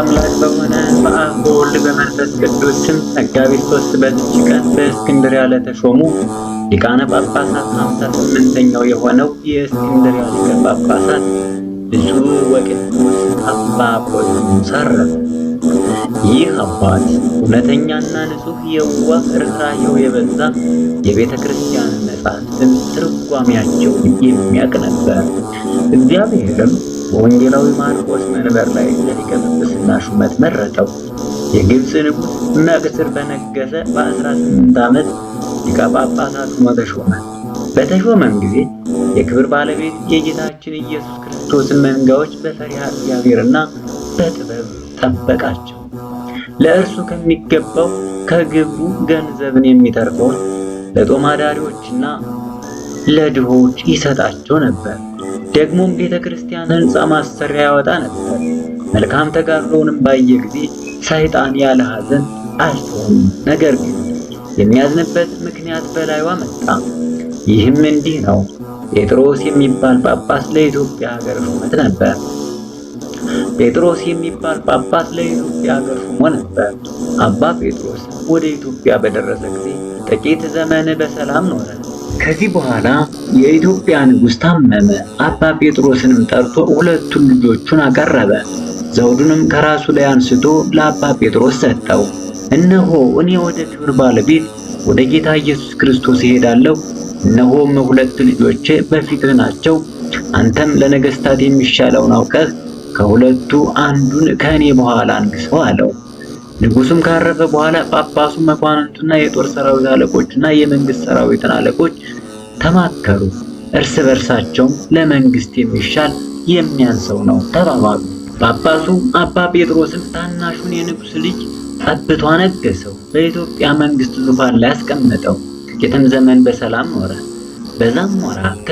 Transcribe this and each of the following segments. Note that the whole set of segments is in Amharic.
አምላክ በሆነ በአብ በወልድ በመንፈስ ቅዱስ ስም መጋቢት ሦስት በዚች ቀን በእስክንድርያ ለተሾሙ ሊቃነ ጳጳሳት ሃምሳ ስምንተኛው የሆነው የእስክንድርያ ሊቀ ጳጳሳት ብፁዕ ወቅዱስ አባ ቆስጠንጢኖስ አረፈ። ይህ አባት እውነተኛና ንጹሕ የዋህ ርኅራኄው የበዛ የቤተ ክርስቲያን መጽሐፍትን ትርጓሚያቸው የሚያውቅ ነበር። እግዚአብሔርም በወንጌላዊ ማርቆስ መንበር ላይ ለሊቀ ጵጵስና ሹመት መረጠው። የግብፅ ንጉሥ መቅትር በነገሰ በ18 ዓመት ሊቀ ጳጳሳት ሆኖ ተሾመ። በተሾመም ጊዜ የክብር ባለቤት የጌታችን ኢየሱስ ክርስቶስን መንጋዎች በፈሪሃ እግዚአብሔርና በጥበብ ጠበቃቸው። ለእርሱ ከሚገባው ከግብሩ ገንዘብን የሚተርፈውን ለጦም አዳሪዎችና ለድሆች ይሰጣቸው ነበር። ደግሞም ቤተ ክርስቲያን ሕንፃ ማሰሪያ ያወጣ ነበር። መልካም ተጋድሎውንም ባየ ጊዜ ሰይጣን ያለ ሐዘን አልተውም። ነገር ግን የሚያዝንበት ምክንያት በላይዋ መጣ። ይህም እንዲህ ነው። ጴጥሮስ የሚባል ጳጳስ ለኢትዮጵያ ሀገር ሹመት ነበር። ጴጥሮስ የሚባል ጳጳስ ለኢትዮጵያ ሀገር ሹሞ ነበር። አባ ጴጥሮስ ወደ ኢትዮጵያ በደረሰ ጊዜ ጥቂት ዘመን በሰላም ኖረ። ከዚህ በኋላ የኢትዮጵያ ንጉሥ ታመመ። አባ ጴጥሮስንም ጠርቶ ሁለቱን ልጆቹን አቀረበ። ዘውዱንም ከራሱ ላይ አንስቶ ለአባ ጴጥሮስ ሰጠው። እነሆ እኔ ወደ ክብር ባለቤት ወደ ጌታ ኢየሱስ ክርስቶስ እሄዳለሁ። እነሆም ሁለት ልጆቼ በፊትህ ናቸው። አንተም ለነገሥታት የሚሻለውን አውቀህ ከሁለቱ አንዱን ከእኔ በኋላ አንግሰው አለው። ንጉሱም ካረፈ በኋላ ጳጳሱ፣ መኳንንቱና የጦር ሰራዊት አለቆችና የመንግስት ሰራዊትን አለቆች ተማከሩ። እርስ በርሳቸውም ለመንግስት የሚሻል የሚያንሰው ነው ተባባሉ። ጳጳሱ አባ ጴጥሮስም ታናሹን የንጉስ ልጅ ጠብቶ አነገሰው። በኢትዮጵያ መንግስት ዙፋን ላይ አስቀመጠው። ጥቂትም ዘመን በሰላም ኖረ። በዛም ወራት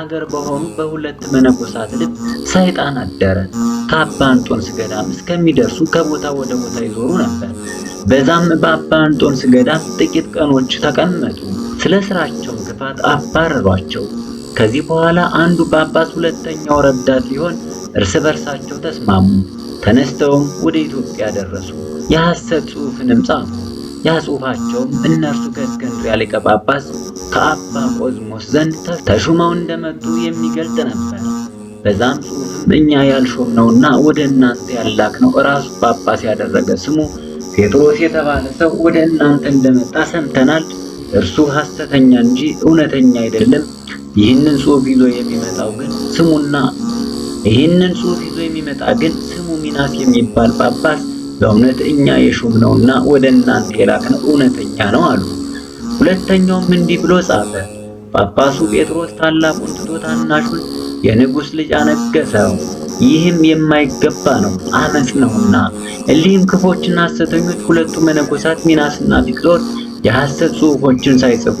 አገር በሆኑ በሁለት መነኮሳት ልብ ሰይጣን አደረ። ከአባ እንጦንስ ገዳም እስከሚደርሱ ከቦታ ወደ ቦታ ይዞሩ ነበር። በዛም በአባ እንጦንስ ገዳም ጥቂት ቀኖች ተቀመጡ። ስለ ስራቸው ክፋት አባረሯቸው። ከዚህ በኋላ አንዱ ጳጳስ፣ ሁለተኛው ረዳት ሊሆን እርስ በርሳቸው ተስማሙ። ተነስተውም ወደ ኢትዮጵያ ደረሱ። የሐሰት ጽሑፍንም ጻፉ። ያ ጽሑፋቸውም እነርሱ ከእስክንድርያ ሊቀ ጳጳስ ከአባ ቆዝሞስ ዘንድ ተሹመው እንደመጡ የሚገልጥ ነበር። በዛም ጽሑፍም እኛ ያልሾምነውና ወደ እናንተ ያላክነው ራሱ ጳጳስ ያደረገ ስሙ ጴጥሮስ የተባለ ሰው ወደ እናንተ እንደመጣ ሰምተናል። እርሱ ሐሰተኛ እንጂ እውነተኛ አይደለም። ይህንን ጽሑፍ ይዞ የሚመጣው ግን ስሙና ይህንን ጽሑፍ ይዞ የሚመጣ ግን ስሙ ሚናስ የሚባል ጳጳስ በእውነት እኛ የሾምነውና ወደ እናንተ የላክነው እውነተኛ ነው አሉ። ሁለተኛውም እንዲህ ብሎ ጻፈ። ጳጳሱ ጴጥሮስ ታላቁን ትቶ ታናሹን የንጉሥ ልጅ አነገሰው ይህም የማይገባ ነው፣ አመፅ ነውና። እሊህም ክፎችና ሐሰተኞች ሁለቱ መነኮሳት ሚናስና ፊቅጦር የሐሰት ጽሑፎችን ሳይጽፉ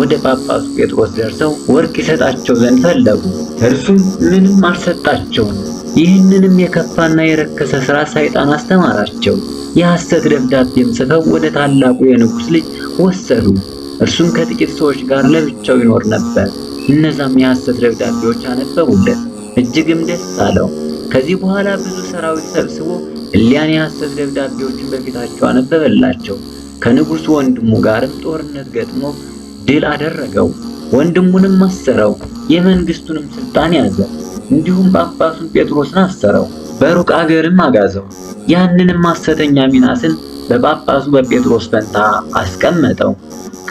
ወደ ጳጳሱ ጴጥሮስ ደርሰው ወርቅ ይሰጣቸው ዘንድ ፈለጉ። እርሱም ምንም አልሰጣቸውም። ይህንንም የከፋና የረከሰ ሥራ ሰይጣን አስተማራቸው። የሐሰት ደብዳቤም ጽፈው ወደ ታላቁ የንጉሥ ልጅ ወሰዱ። እርሱም ከጥቂት ሰዎች ጋር ለብቻው ይኖር ነበር። እነዛም የሐሰት ደብዳቤዎች አነበቡለት፣ እጅግም ደስ አለው። ከዚህ በኋላ ብዙ ሰራዊት ሰብስቦ እሊያን የሐሰት ደብዳቤዎችን በፊታቸው አነበበላቸው። ከንጉሥ ወንድሙ ጋርም ጦርነት ገጥሞ ድል አደረገው። ወንድሙንም አሰረው፣ የመንግስቱንም ስልጣን ያዘ። እንዲሁም ጳጳሱን ጴጥሮስን አሰረው፣ በሩቅ አገርም አጋዘው። ያንንም ሐሰተኛ ሚናስን በጳጳሱ በጴጥሮስ ፈንታ አስቀመጠው።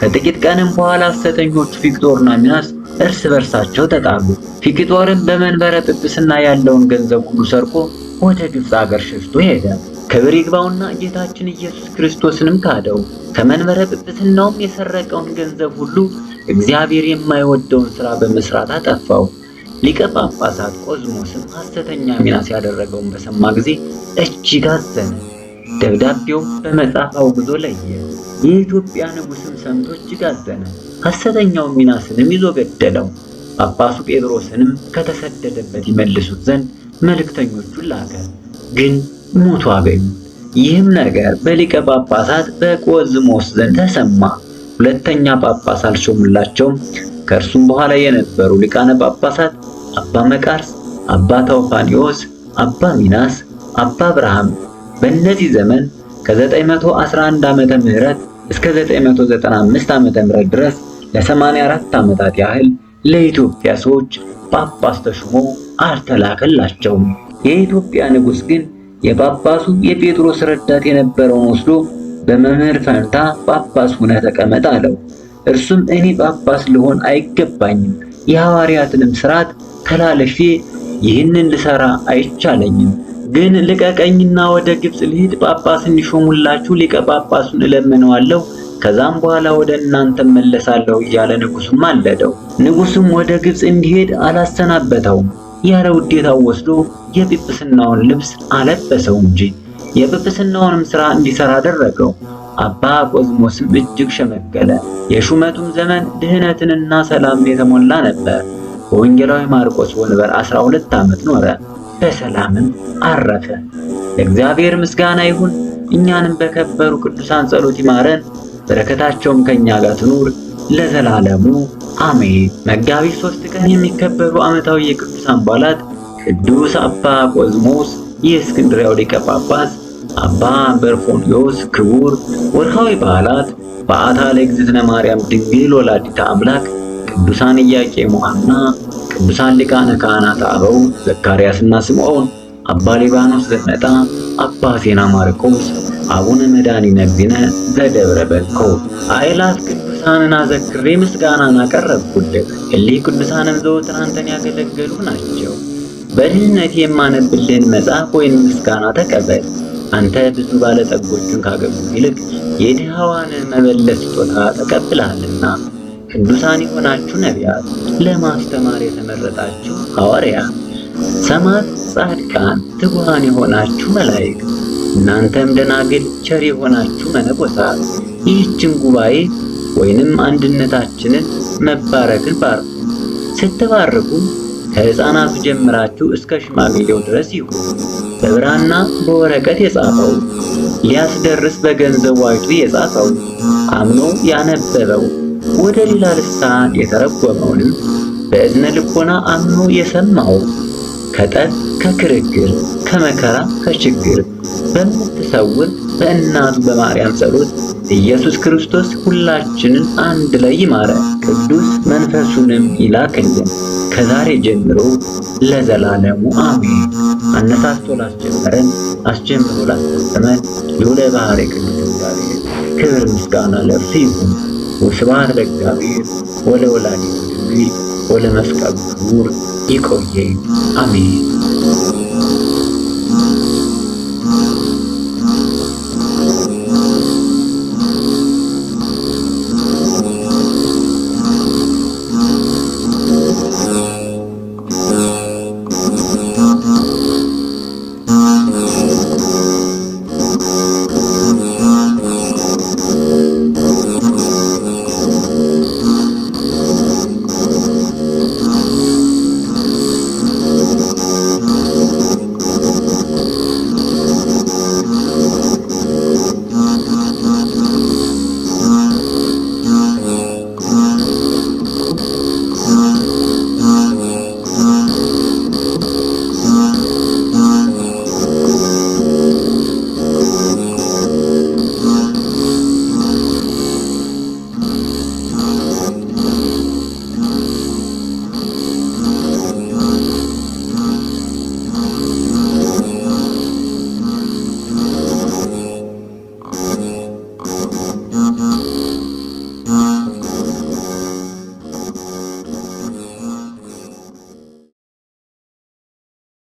ከጥቂት ቀንም በኋላ ሐሰተኞቹ ፊክጦርና ሚናስ እርስ በርሳቸው ተጣሉ። ፊክጦርም በመንበረ ጵጵስና ያለውን ገንዘብ ሁሉ ሰርቆ ወደ ግብፅ አገር ሸሽቶ ሄደ። ክብር ይግባውና ጌታችን ኢየሱስ ክርስቶስንም ካደው። ከመንበረ ጵጵስናውም የሰረቀውን ገንዘብ ሁሉ እግዚአብሔር የማይወደውን ሥራ በመሥራት አጠፋው። ሊቀ ጳጳሳት ቆዝሞስም ሐሰተኛ ሚናስ ያደረገውን በሰማ ጊዜ እጅግ አዘነ። ደብዳቤው በመጻፍ አውግዞ ለየ። የኢትዮጵያ ንጉሥም ሰምቶ እጅግ አዘነ። ሐሰተኛው ሚናስንም ይዞ ገደለው። ጳጳሱ ጴጥሮስንም ከተሰደደበት ይመልሱት ዘንድ መልእክተኞቹን ላከ፣ ግን ሞቶ አገኙ። ይህም ነገር በሊቀ ጳጳሳት በቆዝሞስ ዘንድ ተሰማ። ሁለተኛ ጳጳስ አልሾሙላቸውም። ከእርሱም በኋላ የነበሩ ሊቃነ ጳጳሳት አባ መቃርስ፣ አባ ታውፋኒዎስ፣ አባ ሚናስ፣ አባ አብርሃም በእነዚህ ዘመን ከ911 ዓመተ ምህረት እስከ 995 ዓመተ ምህረት ድረስ ለ84 ዓመታት ያህል ለኢትዮጵያ ሰዎች ጳጳስ ተሹሞ አልተላከላቸውም። የኢትዮጵያ ንጉሥ ግን የጳጳሱ የጴጥሮስ ረዳት የነበረውን ወስዶ በመምህር ፈንታ ጳጳስ ሆነ ተቀመጥ አለው። እርሱም እኔ ጳጳስ ልሆን አይገባኝም፣ የሐዋርያትንም ሥርዓት ተላለፌ ይህንን ልሠራ አይቻለኝም ግን ልቀቀኝና ወደ ግብጽ ልሂድ፣ ጳጳስ እንዲሾሙላችሁ ሊቀ ጳጳሱን እለምነዋለሁ፣ ከዛም በኋላ ወደ እናንተ መለሳለሁ እያለ ንጉሱም አለደው። ንጉሱም ወደ ግብጽ እንዲሄድ አላሰናበተውም፣ ያለ ውዴታው ወስዶ የጵጵስናውን ልብስ አለበሰው እንጂ የጵጵስናውንም ሥራ እንዲሠራ አደረገው። አባ ቆዝሞስም እጅግ ሸመገለ። የሹመቱም ዘመን ድህነትንና ሰላምን የተሞላ ነበር። በወንጌላዊ ማርቆስ ወንበር 12 ዓመት ኖረ። በሰላምም አረፈ። ለእግዚአብሔር ምስጋና ይሁን። እኛንም በከበሩ ቅዱሳን ጸሎት ይማረን፣ በረከታቸውም ከእኛ ጋር ትኑር ለዘላለሙ አሜን። መጋቢት ሶስት ቀን የሚከበሩ ዓመታዊ የቅዱሳን በዓላት ቅዱስ አባ ቆዝሞስ የእስክንድሪያው ሊቀ ጳጳስ፣ አባ በርፎንዮስ ክቡር። ወርሃዊ በዓላት በዓታ ለእግዝእትነ ማርያም ድንግል ወላዲተ አምላክ፣ ቅዱሳን ኢያቄም ወሐና ቅዱሳን ሊቃነ ካህናት አበው ዘካርያስና ስምዖን፣ አባ ሊባኖስ ዘመጣ፣ አባ ዜና ማርቆስ፣ አቡነ መድኃኒነ እግዚእነ ዘደብረ በኮ አእላፍ ቅዱሳንን አዘክሬ ምስጋናን አቀረብኩልህ። እሊህ ቅዱሳንም ዘወትር አንተን ያገለገሉ ናቸው። በድህነት የማነብልህን መጽሐፍ ወይም ምስጋና ተቀበል። አንተ ብዙ ባለጠጎችን ካገቡት ይልቅ የድሃዋን መበለት ስጦታ ተቀብለሃልና ቅዱሳን የሆናችሁ ነቢያት፣ ለማስተማር የተመረጣችሁ ሐዋርያ፣ ሰማዕት፣ ጻድቃን፣ ትጉሃን የሆናችሁ መላእክት፣ እናንተም ደናግል፣ ቸር የሆናችሁ መነኮሳት ይህችን ጉባኤ ወይንም አንድነታችንን መባረክን ባርኩ። ስትባርኩ ከሕፃናቱ ጀምራችሁ እስከ ሽማግሌው ድረስ ይሁን። በብራና በወረቀት የጻፈው ሊያስደርስ በገንዘብ ዋጅቶ የጻፈው አምኖ ያነበበው ወደ ሌላ ልሳን የተረጎመውንም በእዝነ ልቦና አምኖ የሰማው ከጠብ ከክርክር ከመከራ ከችግር በምትሰውር በእናቱ በማርያም ጸሎት ኢየሱስ ክርስቶስ ሁላችንን አንድ ላይ ይማረ ቅዱስ መንፈሱንም ይላክልን ከዛሬ ጀምሮ ለዘላለሙ አሜን። አነሳስቶ ላስጀመረን አስጀምሮ ላስፈጸመን የወለ ባሕርይ ቅዱስ እግዚአብሔር ክብር ምስጋና ለእርሱ ይሁን። ስብሐት ለእግዚአብሔር ወለወላዲቱ ድንግል ወለመስቀሉ ክቡር ይቆየን፣ አሜን።